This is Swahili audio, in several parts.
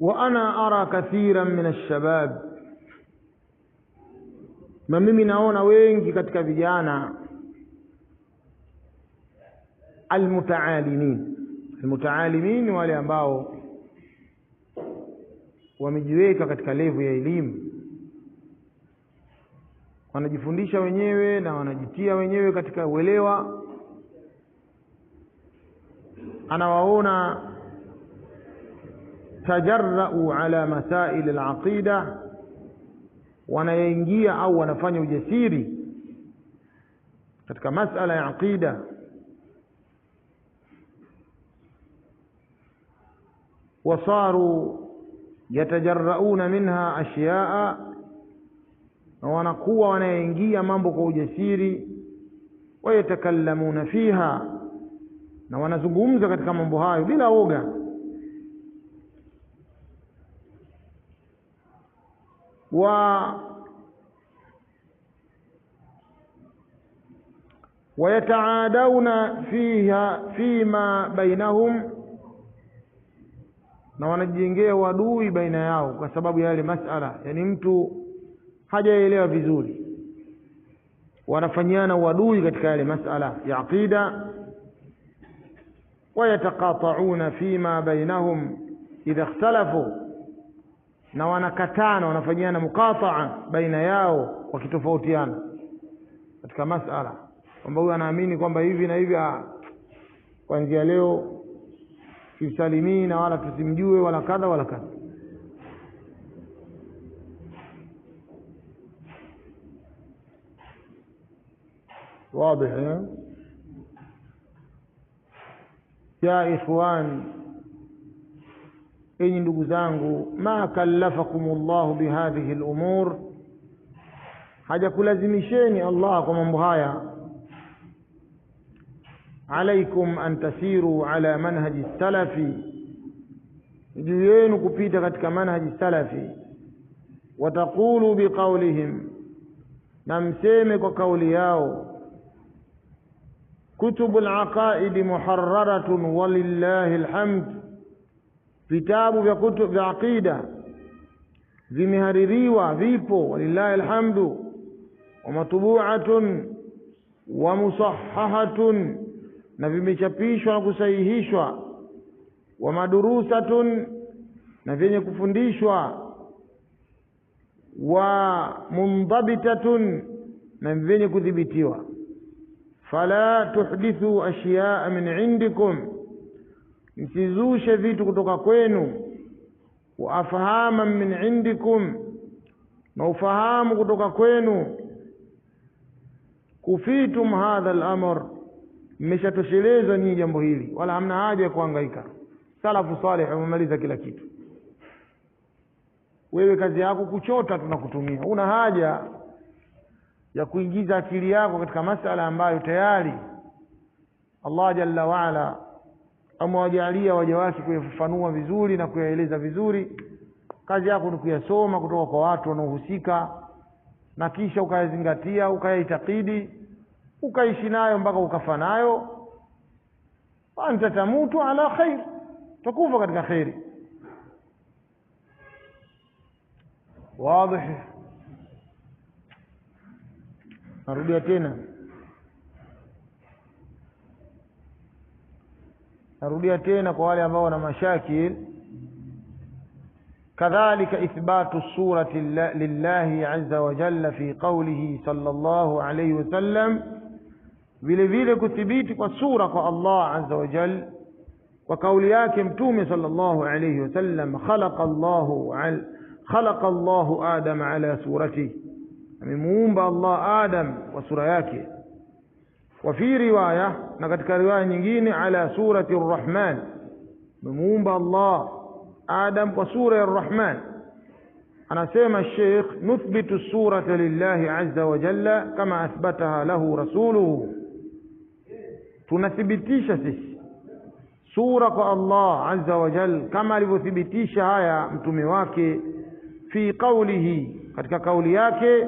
وانا ara kathiran min alshabab, na mimi naona wengi katika vijana almutaalimin. Almutaalimin ni wale ambao wamejiweka katika levu ya elimu, wanajifundisha wenyewe na wanajitia wenyewe katika uelewa, anawaona tajarrau ala masaili alaqida, wanaingia au wanafanya ujasiri katika masala ya aqida wasaru yatajarrauna minha ashyaa, na wanakuwa wanaingia mambo kwa ujasiri. Wayatakallamuna fiha, na wanazungumza katika mambo hayo bila woga. wa wayataadauna fiha fima bainahum, na wanajijengea wadui baina yao kwa sababu ya yale masala. Yani mtu hajaelewa vizuri, wanafanyiana wadui katika yale masala ya aqida. Wayataqatauna fima bainahum idha ikhtalafu na wanakatana, wanafanyiana mukataa baina yao, wakitofautiana katika masala kwamba huyu anaamini kwamba hivi na hivi, ah, kwanzia leo simsalimii na wala tusimjue wala kadha wala kadha. Wadih eh? ya ikhwan اني لغزانغو ما كلفكم الله بهذه الامور حاجك لازمشيني الله ومن بهايا عليكم ان تسيروا على منهج السلفي جيينو كبيتا كتك منهج السلفي وتقولوا بقولهم نمسيمك وكولياو كتب العقائد محررة ولله الحمد vitabu vya kutu vya aqida vimehaririwa, vipo walillahi alhamdu, wa matbu'atun wa musahahatun, na vimechapishwa na kusahihishwa, wa madurusatun, na vyenye kufundishwa, wa mundhabitatun, na vyenye kudhibitiwa. Fala tuhdithu ashiyaa min indikum msizushe vitu kutoka kwenu, wa waafahama min indikum, na ufahamu kutoka kwenu. Kufitum hadha al-amr, mmeshatoshelezwa nyinyi jambo hili, wala hamna haja ya kuhangaika. Salafu salih wamemaliza kila kitu. Wewe kazi yako kuchota, tunakutumia. Una haja ya kuingiza akili yako katika masala ambayo tayari Allah jalla waala amewajalia waja wake kuyafafanua vizuri na kuyaeleza vizuri. Kazi yako ni kuyasoma kutoka kwa watu wanaohusika, na kisha ukayazingatia, ukayaitakidi, ukaishi nayo mpaka ukafa nayo. Anta tamutu ala khair, utakufa katika kheri. Wadhi, narudia tena narudia tena kwa wale ambao wana mashakil كذلك إثبات الصورة لله عز وجل في قوله صلى الله عليه وسلم بلذلك الثبيت والصورة الله عز وجل وكولياك امتوم صلى الله عليه وسلم خلق الله خلق الله آدم على صورته من مومب الله آدم وصرياك وفي رواية na katika riwaya nyingine ala surati rrahman memuumba allah adam kwa sura ya rrahman anasema sheikh nuthbitu surata lillahi aza wajalla kama athbataha lahu rasuluhu tunathibitisha sisi sura kwa allah aza wajal kama alivyothibitisha haya mtume wake fi qaulihi katika kauli yake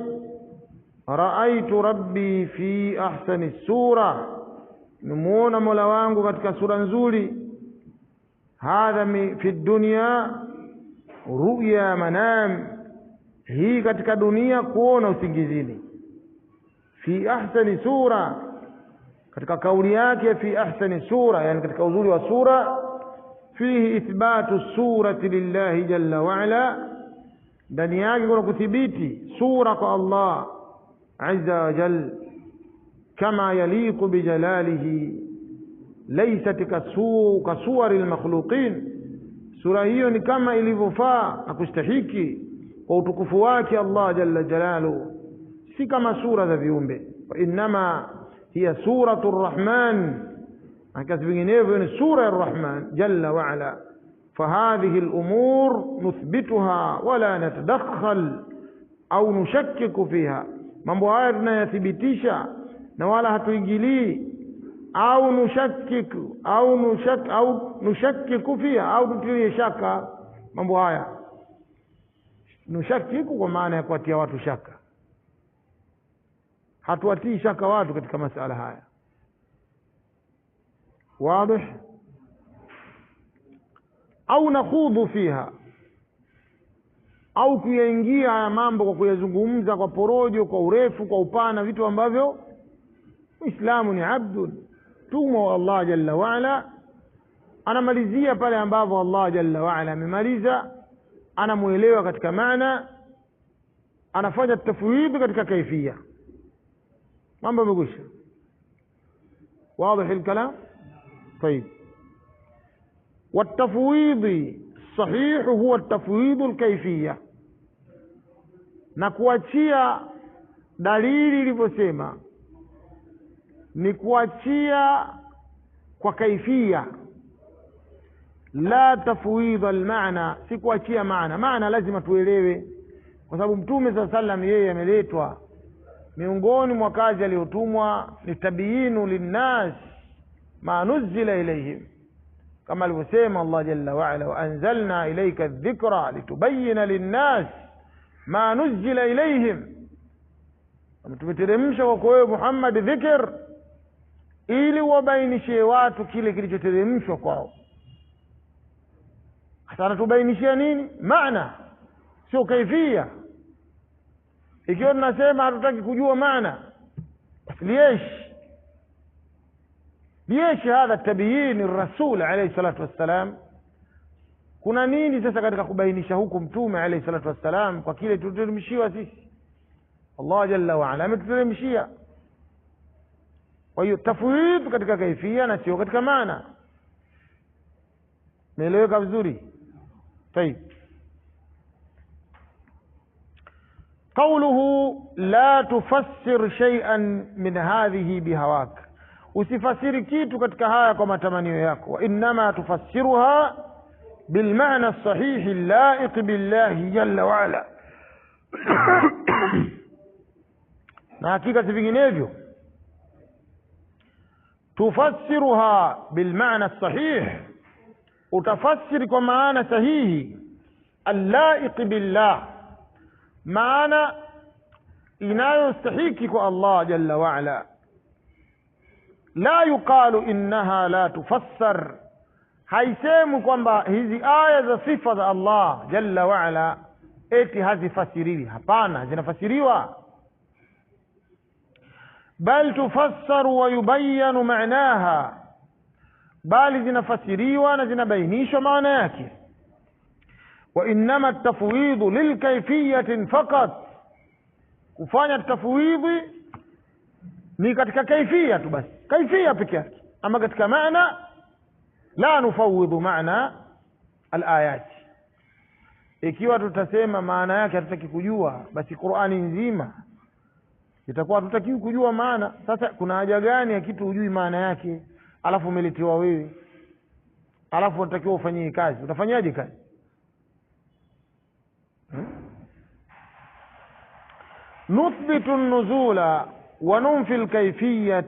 raaitu rabbi fi ahsani sura nimuona Mola wangu katika sura nzuri, hadha fi dunya ruya manam, hii katika dunia kuona usingizini. Fi ahsani sura, katika kauli yake fi ahsani sura, yani katika uzuri wa sura. Fihi ithbatu surati lillahi jalla waala, ndani yake kuna kuthibiti sura kwa Allah azza wa jalla كما يليق بجلاله ليست كصور المخلوقين سورة هي كما إلفوفا أكستحيكي وتكفواك الله جل جلاله سي كما سورة ذي وإنما هي سورة الرحمن سورة الرحمن جل وعلا فهذه الأمور نثبتها ولا نتدخل أو نشكك فيها من بوائرنا يثبتيشا na wala hatuingilii au nushakiku au nushak au nushakiku fiha au tutilie shaka mambo haya nushakiku kwa maana ya kuwatia watu shaka hatuwatii shaka watu katika masala haya wadih au nakhudhu fiha au kuyaingia haya mambo kwa kuyazungumza kwa porojo kwa urefu kwa upana vitu ambavyo Muislamu ni abdu, mtumwa wa Allah jalla waala. Anamalizia pale ambapo Allah jalla waala amemaliza, anamwelewa katika maana, anafanya tafwidhi katika kaifia. Mambo yamekwisha. واضح الكلام طيب والتفويض صحيح هو التفويض الكيفيه na kuachia dalili ilivyosema ni kuachia kwa kaifia la tafwidha almaana, si kuachia maana. Maana lazima tuelewe, kwa sababu Mtume saa salam yeye ameletwa miongoni mwa kazi aliyotumwa ni tabiinu linnas ma nuzila ilaihim, kama alivyosema Allah jalla waala, waanzalna ilaika dhikra litubayina linnas ma nuzila ilaihim, tumeteremsha kwako wewe Muhammad dhikr ili wabainishie watu kile kilichoteremshwa kwao. Hasa anatubainishia nini? Maana sio kaifia. Ikiwa tunasema hatutaki kujua maana, liesh liesh hadha tabiini rasul alayhi salatu wassalam kuna nini sasa katika kubainisha huku mtume alayhi salatu wassalam kwa kile tuteremshiwa sisi? Allah jalla waala ametuteremshia Kwa hiyo tafwidh katika kaifia na sio katika maana. Imeeleweka vizuri? Tayib. Qauluhu la tufassir shay'an min hadhihi bihawak, usifasiri kitu katika haya kwa matamanio yako. Wa innama tufassiruha bilmana sahihi laiq billahi jalla waala, na hakika si vinginevyo تفسرها بالمعنى الصحيح وتفسر معنى صحيح اللائق بالله معنى إنا يستحيك الله جل وعلا لا يقال إنها لا تفسر هاي سيمك وانبا هذه آية صفة الله جل وعلا إيتي هذه فسيري هبانا هذه فسيري bal tufassaru wayubayanu yubayanu bali zinafasiriwa na zinabainishwa maana yake. Wa innama tafwidhu lilkaifiyatin faqat, kufanya tafwidhi ni katika kaifia tu basi, kaifia peke yake. Ama katika maana la nufawidhu mana alayati, ikiwa tutasema maana yake hatutaki kujua, basi Qur'ani nzima itakuwa hatutakiwi kujua maana. Sasa kuna haja gani ya kitu hujui maana yake, alafu umeletewa wewe, alafu unatakiwa ufanyie kazi? Utafanyaje kazi hmm? Nuthbitu nuzula wa numfi lkaifiyat,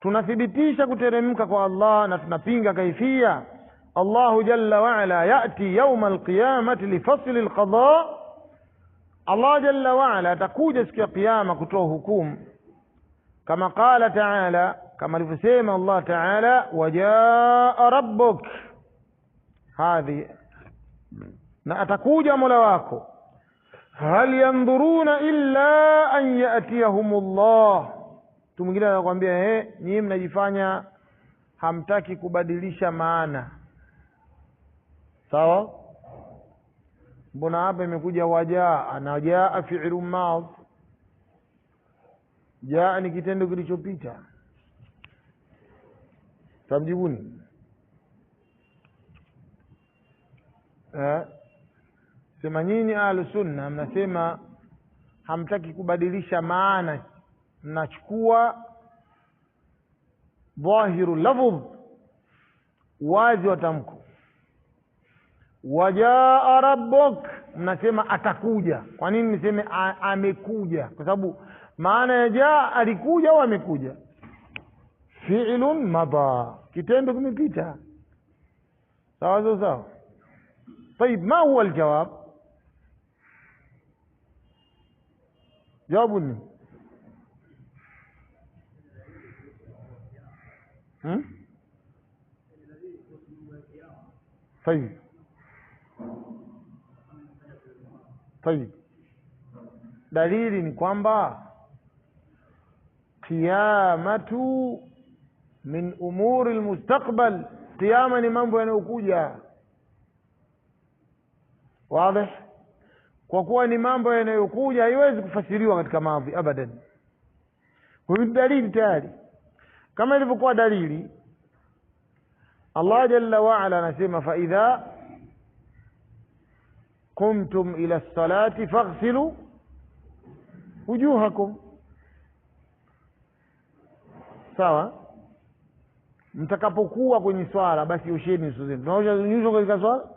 tunathibitisha kuteremka kwa Allah na tunapinga kaifia. Allahu jalla waala yati yauma alqiyamati lifasli lqada Allah jalla waala atakuja siku ya Kiyama kutoa hukumu, kama qala taala, kama alivyosema Allah taala, wajaa rabbuk hadhi, na atakuja mola wako, hal yandhuruna illa an yatiyahum llah. Mtu mwingine anakuambia eh, nyinyi mnajifanya hamtaki kubadilisha maana, sawa mbona hapa imekuja wajaa na jaa fi'lu madh jaa ni kitendo kilichopita tamjibuni eh? sema nyinyi ahlu sunna mnasema hamtaki kubadilisha maana mnachukua dhahiru lafdh wazi wa tamko wajaa rabbuk, mnasema atakuja. Kwa nini niseme amekuja? Kwa sababu maana ya jaa alikuja au amekuja, fi'lun madha, kitendo kimepita. Sawa sawa sawa. Tayib, ma huwa aljawab? Jawabu ni hmm? Tayib, dalili ni kwamba qiyamatu min umuri almustaqbal, qiyama ni mambo yanayokuja. Wazi, kwa kuwa ni mambo yanayokuja, haiwezi kufasiriwa katika madhi abadan. Huyu dalili tayari, kama ilivyokuwa dalili Allah jalla waala anasema idha قمتم إلى الصلاة فاغسلوا وجوهكم sawa mtakapokuwa kwenye swala basi osheni nyuso zenu tunaosha nyuso katika swala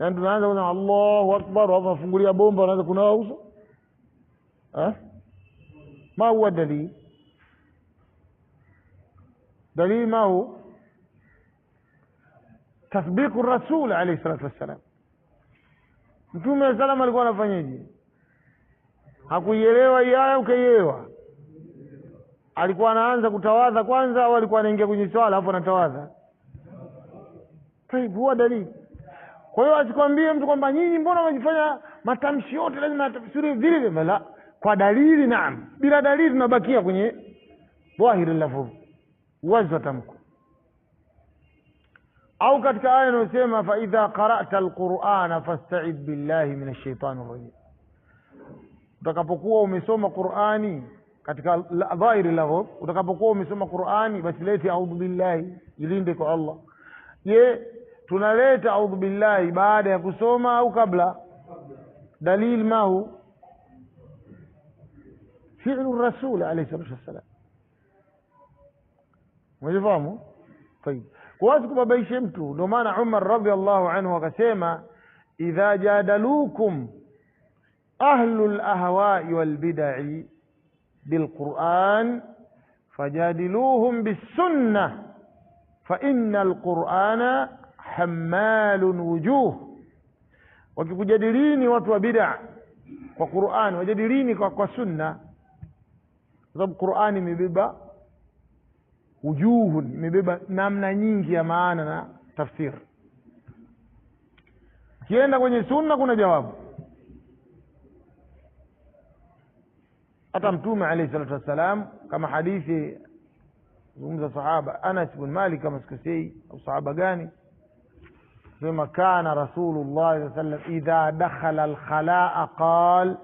yaani tunaanza kuna allahu akbar alafu nafungulia bomba unaanza kunawa uso ma huwa dalili dalili ma hu tathbiqu rasul alaihi salatu wassalam Mtume wa salama alikuwa anafanyaje? Hakuielewa hii aya, ukaielewa? Alikuwa anaanza kutawadha kwanza, au alikuwa anaingia kwenye swala hapo anatawadha? Huwa dalili. Kwa hiyo asikwambie mtu kwamba nyinyi mbona unajifanya matamshi yote lazima atafsiri vile vile, la kwa dalili. Naam, bila dalili tunabakia kwenye dhahiri lafudhi, uwazi wa tamko au katika aya inayosema faidha qara'ta alqur'ana fasta'id billahi min shaitani rajim, utakapokuwa umesoma Qur'ani katika dhahiri la utakapokuwa umesoma Qur'ani basi lete audhu billahi, jilinde kwa Allah. Je, tunaleta audhu billahi baada ya kusoma au kabla? Dalil mahu fi'lu rasul alayhi salatu wassalam, umefahamu? Tayib. Huwezi kubabaishi mtu. Ndio maana Umar radhiallahu anhu akasema, idha jadalukum ahlu ahwai walbidai bilquran fajadiluhum bisunna faina alqurana hamalun wujuh, wakikujadilini watu wa bid'a kwa Qur'an, wajadilini kwa, kwa sunna, kwa sababu Qur'ani imebeba wujuhun imebeba namna nyingi ya maana na tafsiri. Ukienda kwenye sunna kuna jawabu. Hata Mtume alaihi salatu wassalam, kama hadithi zungumza sahaba Anas bin Malik, kama sikusei au sahaba gani, sema kana Rasulullah sallallahu alaihi wasallam idha dakhala alkhalaa qal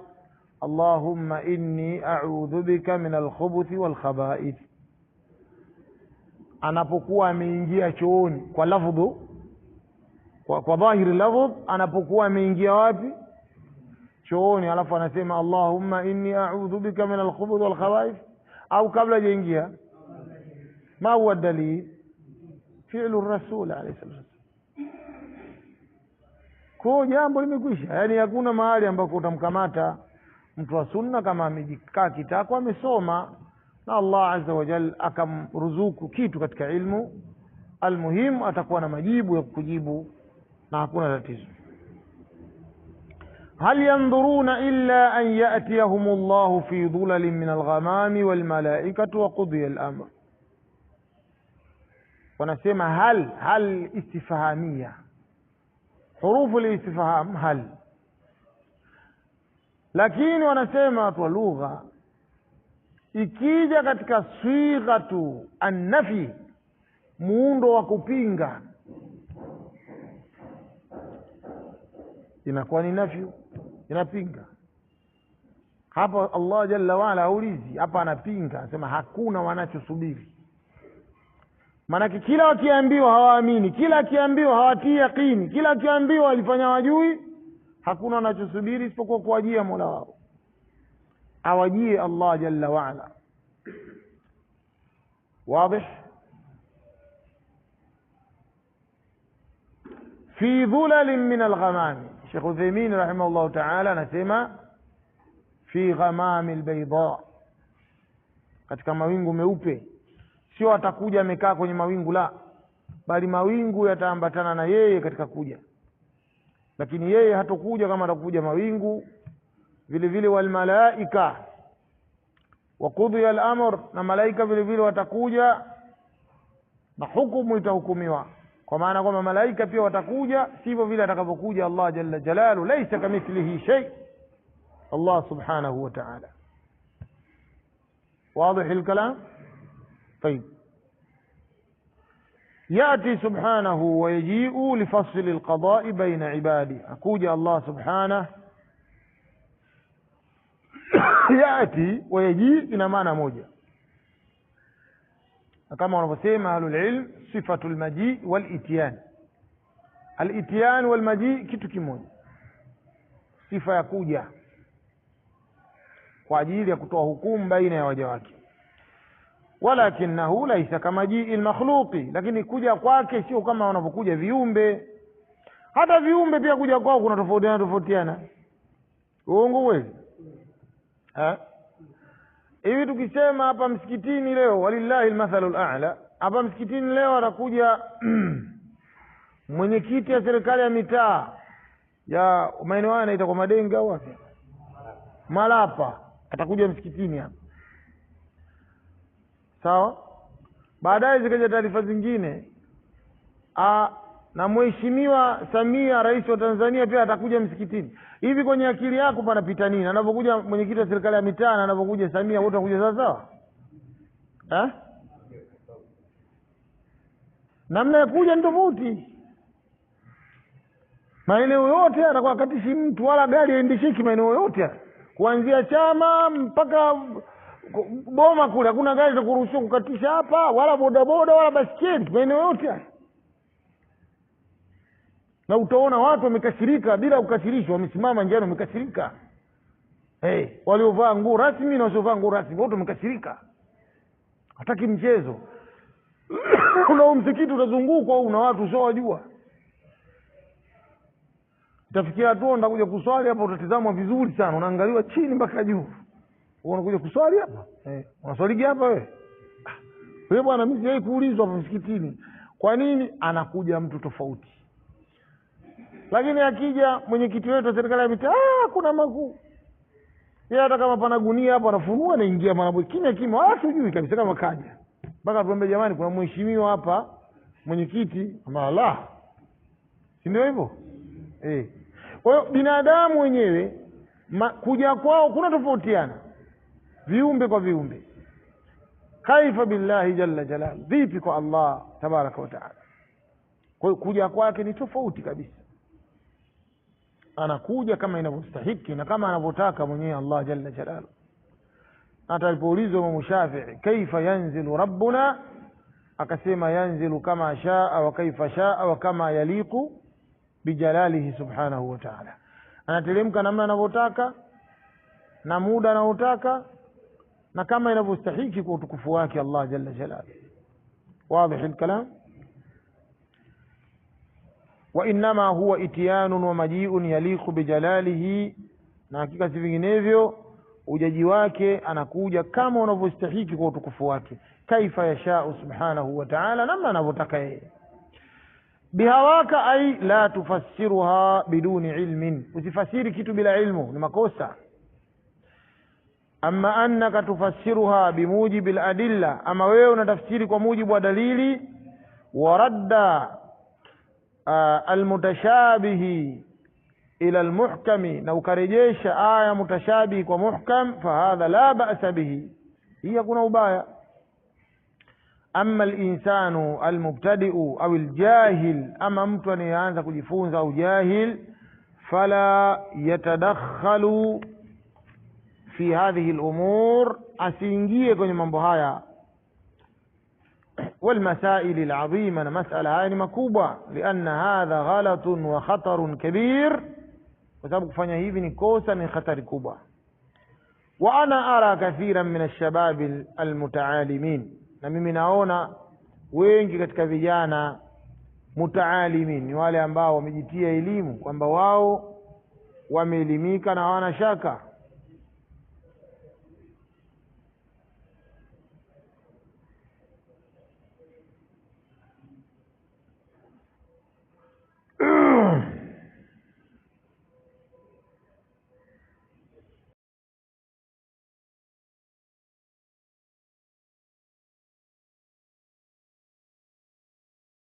allahumma inni a'udhu bika min alkhubuthi walkhaba'ith anapokuwa ameingia chooni kwa lafdhu kwa, kwa dhahiri lafdh anapokuwa ameingia wapi chooni alafu anasema allahumma inni a'udhu bika min alkhubuth wal au kabla hajaingia ma huwa dalil fi'lu rasul alayhi salatu ko jambo limekwisha yaani hakuna mahali ambako utamkamata mtu wa sunna kama amejikaa kitako amesoma na Allah azza wa jalla akamruzuku kitu katika ilmu, almuhim atakuwa na majibu ya kujibu na hakuna tatizo. hal yandhuruna illa an yatiyahum Allah fi dhulalin min alghamami walmalaikatu wa qudiya alamr, wanasema hal hal istifhamia, hurufu listifham hal, lakini wanasema watu wa lugha ikija katika swighatu annafi, muundo wa kupinga, inakuwa ni nafyu, inapinga. Hapa Allah jalla waala haulizi, hapa anapinga, anasema hakuna wanachosubiri. Maanake kila wakiambiwa hawaamini, kila akiambiwa hawatii yaqini, kila akiambiwa walifanya wajui. Hakuna wanachosubiri isipokuwa kuajia mola wao awajie Allah jalla waala. Wadih? fi dhulalin min alghamami. Sheikh Uthaymeen rahimahullahu ta'ala anasema fi ghamami albayda, katika mawingu meupe. Sio atakuja amekaa kwenye mawingu, la bali mawingu yataambatana na yeye katika kuja, lakini yeye hatokuja kama atakuja mawingu vile vile walmalaika wakudhiya al-amr na malaika vile vile watakuja na hukumu itahukumiwa kwa maana kwamba malaika pia watakuja sivyo vile atakavyokuja Allah jalla jalalu laisa kamithlihi shay Allah subhanahu wa ta'ala واضح الكلام طيب يأتي سبحانه ويجيء لفصل القضاء بين عباده أكوج الله سبحانه yati wa yaji ina maana moja na kama wanavyosema ahlulilm sifatu lmajii walitian alitian walmajii kitu kimoja sifa ya kuja kwa ajili ya kutoa hukumu baina ya waja wake walakinahu laisa kamajii lmakhluqi lakini kuja kwake sio kama wanavyokuja viumbe hata viumbe pia kuja kwao kuna tofautiana tofautiana uongo kweli Hivi tukisema hapa msikitini leo, walillahi lmathalu lala hapa msikitini leo atakuja mwenyekiti ya serikali ya mitaa ya maeneo haya anaita kwa Madenga au wapi, Malapa, atakuja msikitini hapa, sawa. Baadaye zikaja taarifa zingine, ah, na mheshimiwa Samia rais wa Tanzania pia atakuja msikitini. Hivi kwenye akili yako panapita nini? Anapokuja mwenyekiti wa serikali ya mitaa na anapokuja Samia, wote wakuja sawasawa eh? Namna ya kuja ni tofauti. Maeneo yote atakuwa katishi mtu wala gari aendeshiki maeneo yote, kuanzia chama mpaka boma kule, hakuna gari za kuruhusiwa kukatisha hapa, wala bodaboda wala basikeli, maeneo yote na utaona watu wamekasirika bila kukasirishwa, wamesimama njani wamekasirika. Hey, waliovaa nguo rasmi na wasiovaa nguo rasmi watu wamekasirika, hataki mchezo unao msikiti utazungukwa una watu usiowajua, tafikia hatua ntakuja kuswali hapa, utatizamwa vizuri sana, unaangaliwa chini mpaka juu. Unakuja kuswali hapa hey. unaswaligi hapa we ah. wewe, bwana, mimi sijawahi kuulizwa hapa msikitini. Kwa nini anakuja mtu tofauti? Lakini akija mwenyekiti wetu wa serikali ya mitaa, ah, kuna makuu ye hata kama pana gunia hapo anafunua naingia mwanab kimya kimya, wala ah, tujui kabisa kama kaja, mpaka tuombe jamani, kuna mheshimiwa hapa mwenyekiti. amala sindio ndio hivyo eh. Kwa hiyo binadamu wenyewe kuja kwao kuna tofautiana viumbe kwa viumbe. Kaifa billahi jalla jalal, vipi kwa Allah tabaraka wataala taala? Kwa hiyo kuja kwake ni tofauti kabisa anakuja kama inavyostahiki na kama anavyotaka mwenyewe Allah jalla jalalu. Hata alipoulizwa Imamu Shafii, kaifa yanzilu rabbuna, akasema yanzilu kama shaa wa kaifa shaa wa kama yaliqu bijalalihi subhanahu wa taala, anateremka namna anavyotaka na muda anaotaka na kama inavyostahiki kwa utukufu wake Allah jalla jalalu. Wadhihi lkalam wainama huwa itianun wa majiun yaliku bijalalihi, na hakika si vinginevyo ujaji wake anakuja kama unavyostahiki kwa utukufu wake, kaifa yashau subhanahu wa ta'ala, namna anavyotaka yeye. Bihawaka ai la tufasiruha biduni ilmin, usifasiri kitu bila ilmu, ni makosa. Amma annaka tufassiruha bimujibi ladilla, ama wewe unatafsiri kwa mujibu wa dalili waradda uh, almutashabihi ila almuhkami, na ukarejesha aya mutashabihi kwa muhkam, fahadha la ba'sa bihi, hii hakuna ubaya. Ama alinsanu almubtadiu au aljahil, ama mtu anayeanza kujifunza au jahil, fala yatadakhalu fi hadhihi lumur asiingie kwenye mambo haya والمسائل العظيمة مسألة haya ni makubwa lianna hadha ghalatun wa khatarun kabir kwa sababu kufanya hivi ni kosa ni hatari kubwa wa ana ara kathiran min alshababi almutaalimin na mimi naona wengi katika vijana mutaalimin ni wale ambao wamejitia elimu kwamba wao wameelimika na hawana